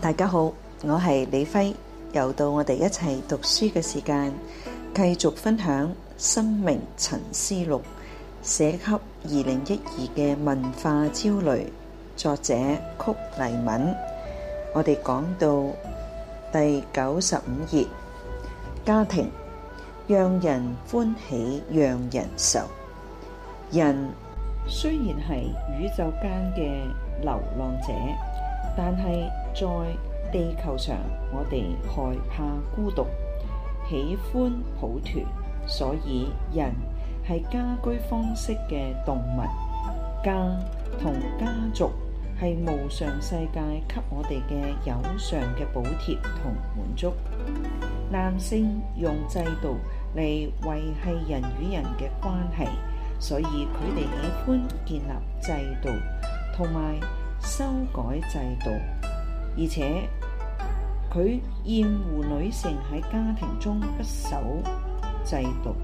大家好，我係李輝，又到我哋一齊讀書嘅時間，繼續分享《生命沉思錄》寫給二零一二嘅文化焦慮，作者曲黎敏。我哋講到第九十五頁，家庭讓人歡喜，讓人愁。人雖然係宇宙間嘅流浪者。但係在地球上，我哋害怕孤獨，喜歡抱團，所以人係家居方式嘅動物，家同家族係無常世界給我哋嘅有常嘅補貼同滿足。男性用制度嚟維繫人與人嘅關係，所以佢哋喜歡建立制度，同埋。修改制度，而且佢厭惡女性喺家庭中不守制度。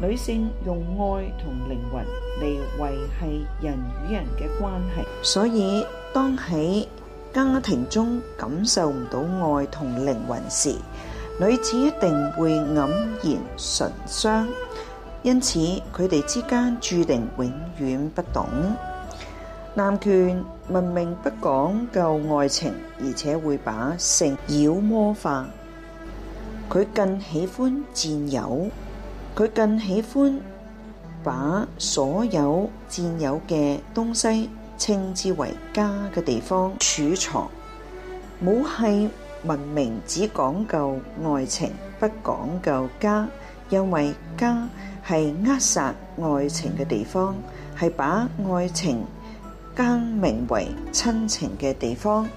女性用愛同靈魂嚟維繫人與人嘅關係，所以當喺家庭中感受唔到愛同靈魂時，女子一定會黯然神傷。因此，佢哋之間注定永遠不懂。男權文明不講究愛情，而且會把性妖魔化。佢更喜歡佔有，佢更喜歡把所有佔有嘅東西稱之為家嘅地方儲藏。冇係文明只講究愛情，不講究家，因為家係扼殺愛情嘅地方，係把愛情更名為親情嘅地方，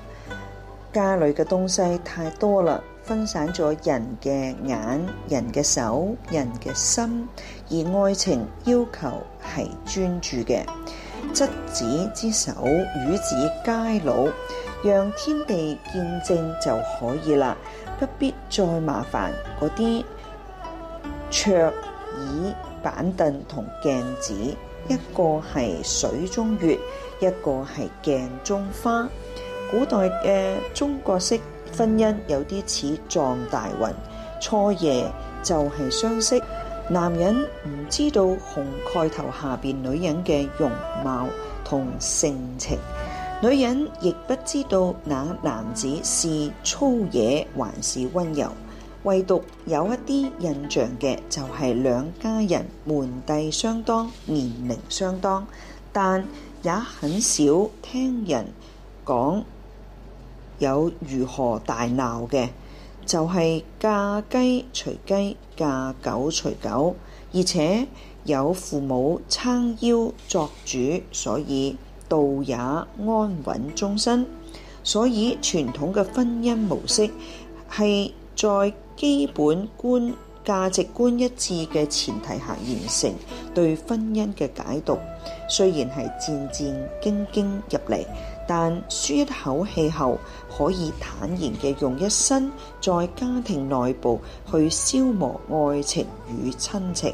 家裏嘅東西太多啦，分散咗人嘅眼、人嘅手、人嘅心，而愛情要求係專注嘅。執子之手，與子偕老，讓天地見證就可以啦，不必再麻煩嗰啲桌椅板凳同鏡子。一個係水中月，一個係鏡中花。古代嘅中國式婚姻有啲似撞大運，初夜就係相識。男人唔知道紅蓋頭下邊女人嘅容貌同性情，女人亦不知道那男子是粗野還是温柔。唯獨有一啲印象嘅就係兩家人門第相當、年齡相當，但也很少聽人講有如何大鬧嘅，就係嫁雞隨雞、嫁狗隨狗，而且有父母撐腰作主，所以道也安穩終身。所以傳統嘅婚姻模式係在基本觀價值觀一致嘅前提下完成對婚姻嘅解讀，雖然係戰戰兢兢入嚟，但舒一口氣後可以坦然嘅用一生在家庭內部去消磨愛情與親情。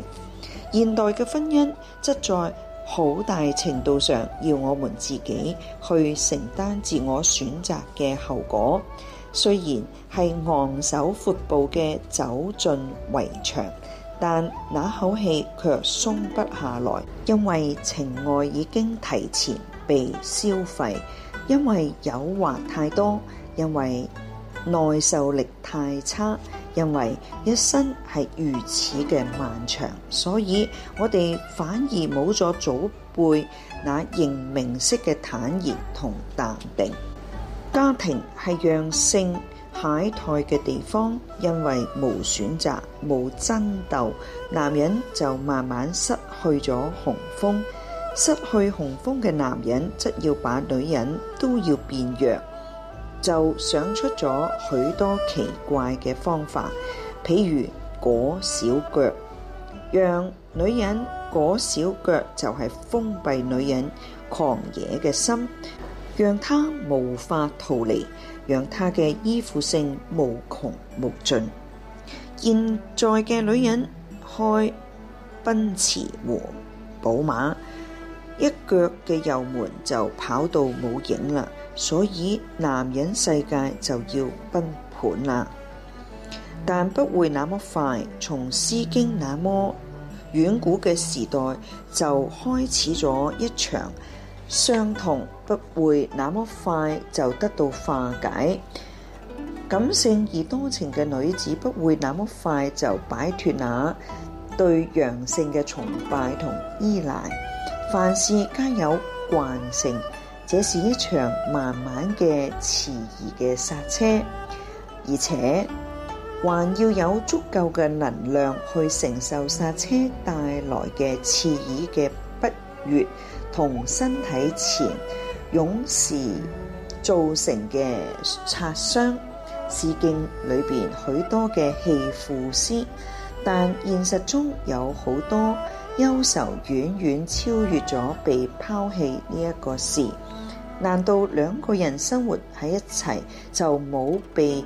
現代嘅婚姻則在好大程度上要我們自己去承擔自我選擇嘅後果。雖然係昂首闊步嘅走進圍牆，但那口氣卻鬆不下來，因為情愛已經提前被消費，因為誘惑太多，因為耐受力太差，因為一生係如此嘅漫長，所以我哋反而冇咗祖輩那認明式嘅坦然同淡定。家庭係讓性懈怠嘅地方，因為無選擇、無爭鬥，男人就慢慢失去咗雄風。失去雄風嘅男人，則要把女人都要變弱，就想出咗許多奇怪嘅方法，譬如裹小腳，讓女人裹小腳就係封閉女人狂野嘅心。讓她無法逃離，讓她嘅依附性無窮無盡。現在嘅女人開奔馳和寶馬，一腳嘅油門就跑到冇影啦。所以男人世界就要崩盤啦，但不會那麼快。從《詩經》那麼遠古嘅時代就開始咗一場。傷痛不會那麼快就得到化解，感性而多情嘅女子不會那麼快就擺脱那對陽性嘅崇拜同依賴。凡事皆有慣性，這是一場慢慢嘅遲疑嘅剎車，而且還要有足夠嘅能量去承受剎車帶來嘅遲疑嘅。月同身體前勇士造成嘅擦傷，詩經裏邊許多嘅棄婦詩，但現實中有好多憂愁遠遠超越咗被拋棄呢一個事。難道兩個人生活喺一齊就冇被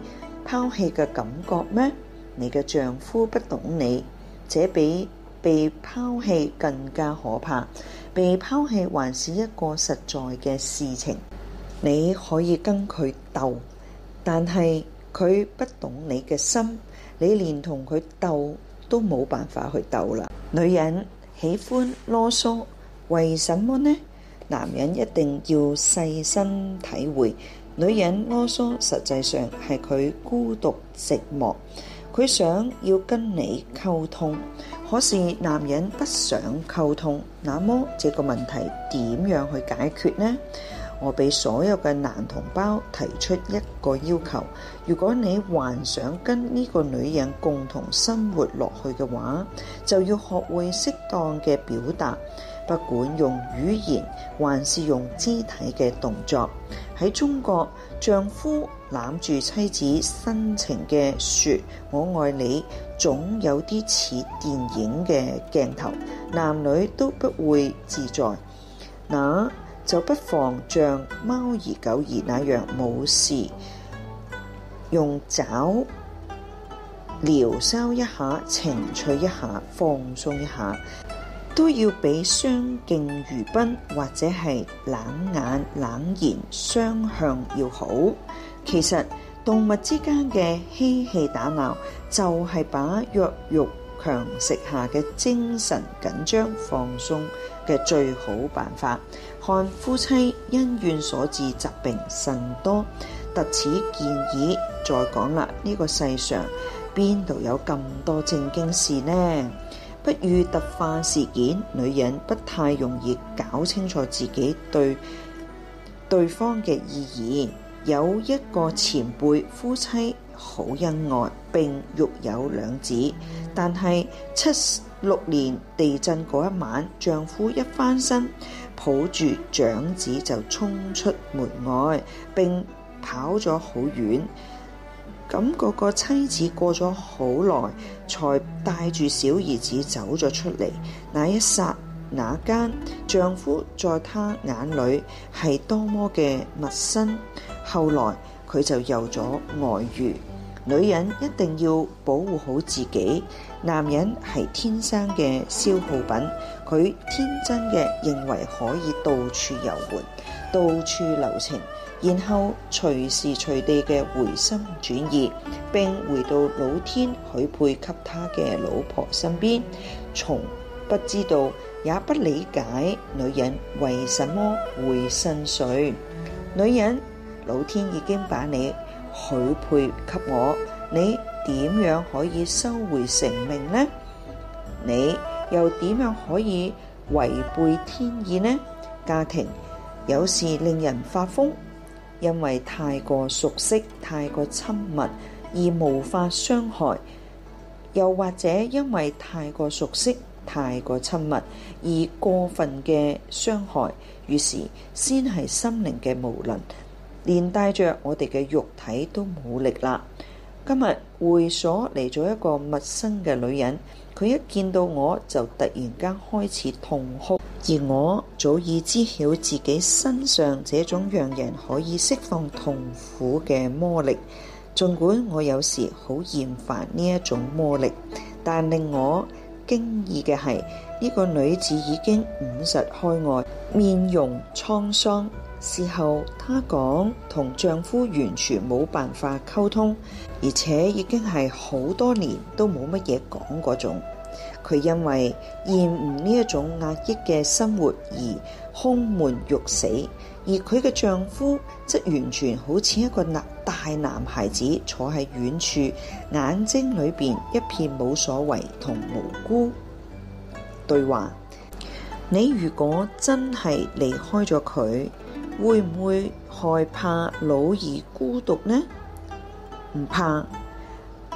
拋棄嘅感覺咩？你嘅丈夫不懂你，這比被拋棄更加可怕。被拋棄還是一個實在嘅事情，你可以跟佢鬥，但係佢不懂你嘅心，你連同佢鬥都冇辦法去鬥啦。女人喜歡囉嗦，為什麼呢？男人一定要細心體會，女人囉嗦實際上係佢孤獨寂寞。佢想要跟你溝通，可是男人不想溝通，那麼，這個問題點樣去解決呢？我俾所有嘅男同胞提出一個要求：如果你還想跟呢個女人共同生活落去嘅話，就要學會適當嘅表達，不管用語言還是用肢體嘅動作。喺中國，丈夫攬住妻子深情嘅說我愛你，總有啲似電影嘅鏡頭，男女都不會自在，那就不妨像貓兒狗兒那樣冇事，用爪撩搔一下，情趣一下，放鬆一下。都要比相敬如賓，或者係冷眼冷言相向要好。其實動物之間嘅嬉戲，戲打鬧，就係、是、把弱肉強食下嘅精神緊張放鬆嘅最好辦法。看夫妻恩怨所致疾病甚多，特此建議再講啦。呢、這個世上邊度有咁多正經事呢？不遇突發事件，女人不太容易搞清楚自己對對方嘅意義。有一個前輩夫妻好恩愛，並育有兩子，但係七六年地震嗰一晚，丈夫一翻身抱住長子就衝出門外，並跑咗好遠。咁嗰個妻子過咗好耐，才帶住小兒子走咗出嚟。那一剎那間，丈夫在他眼裏係多麼嘅陌生。後來佢就有咗外遇。女人一定要保護好自己，男人係天生嘅消耗品。佢天真嘅認為可以到處遊玩。到處留情，然後隨時隨地嘅回心轉意，並回到老天許配給他嘅老婆身邊。從不知道也不理解女人為什麼會心碎。女人，老天已經把你許配給我，你點樣可以收回成命呢？你又點樣可以違背天意呢？家庭。有時令人發瘋，因為太過熟悉、太過親密而無法傷害；又或者因為太過熟悉、太過親密而過分嘅傷害，於是先係心靈嘅無能，連帶着我哋嘅肉體都冇力啦。今日會所嚟咗一個陌生嘅女人。佢一見到我就突然間開始痛哭，而我早已知曉自己身上這種讓人可以釋放痛苦嘅魔力，儘管我有時好厭煩呢一種魔力，但令我驚異嘅係呢個女子已經五十開外，面容滄桑。事後她講，同丈夫完全冇辦法溝通，而且已經係好多年都冇乜嘢講嗰種。佢因為厭惡呢一種壓抑嘅生活而胸悶欲死，而佢嘅丈夫則完全好似一個男大男孩子坐喺遠處，眼睛裏邊一片冇所謂同無辜。對話：你如果真係離開咗佢，會唔會害怕老而孤獨呢？唔怕，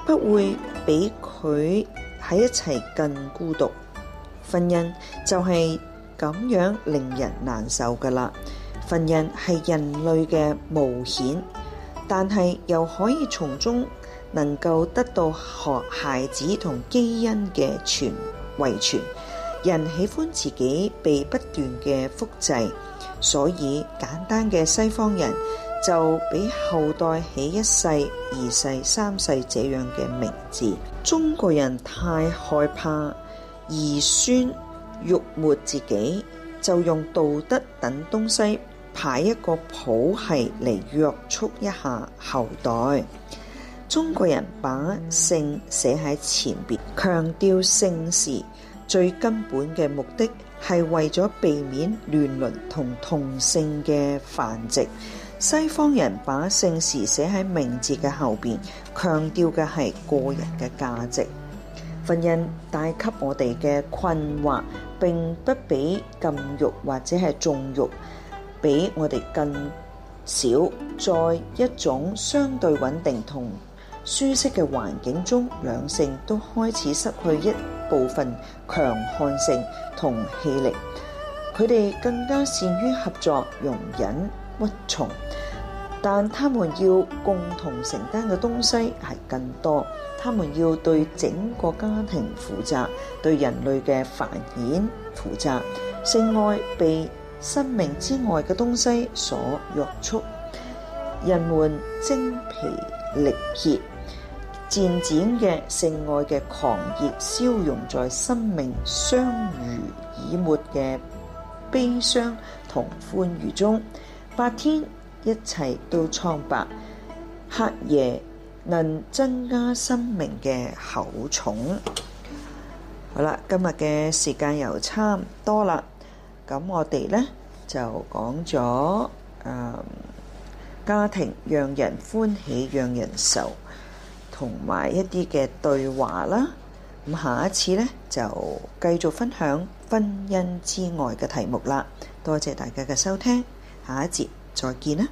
不會俾佢。喺一齊更孤獨，婚姻就係咁樣令人難受噶啦。婚姻係人類嘅冒險，但係又可以從中能夠得到學孩子同基因嘅傳遺傳。人喜歡自己被不斷嘅複製，所以簡單嘅西方人。就俾後代起一世，二世，三世這樣嘅名字。中國人太害怕兒孫辱沒自己，就用道德等東西排一個譜系嚟約束一下後代。中國人把姓寫喺前邊，強調姓氏最根本嘅目的係為咗避免亂倫同同姓嘅繁殖。西方人把姓氏寫喺名字嘅後邊，強調嘅係個人嘅價值。婚姻帶給我哋嘅困惑，並不比禁欲或者係縱欲比我哋更少。在一種相對穩定同舒適嘅環境中，兩性都開始失去一部分強悍性同氣力，佢哋更加善於合作、容忍。屈從，但他們要共同承擔嘅東西係更多。他們要對整個家庭負責，對人類嘅繁衍負責。性愛被生命之外嘅東西所約束，人們精疲力竭，漸漸嘅性愛嘅狂熱消融在生命相濡以沫嘅悲傷同歡愉中。白天一切都蒼白，黑夜能增加生命嘅厚重。好啦，今日嘅時間又差唔多啦，咁我哋呢就講咗誒，家庭讓人歡喜，讓人愁，同埋一啲嘅對話啦。咁下一次呢就繼續分享婚姻之外嘅題目啦。多謝大家嘅收聽。下一節再見啦。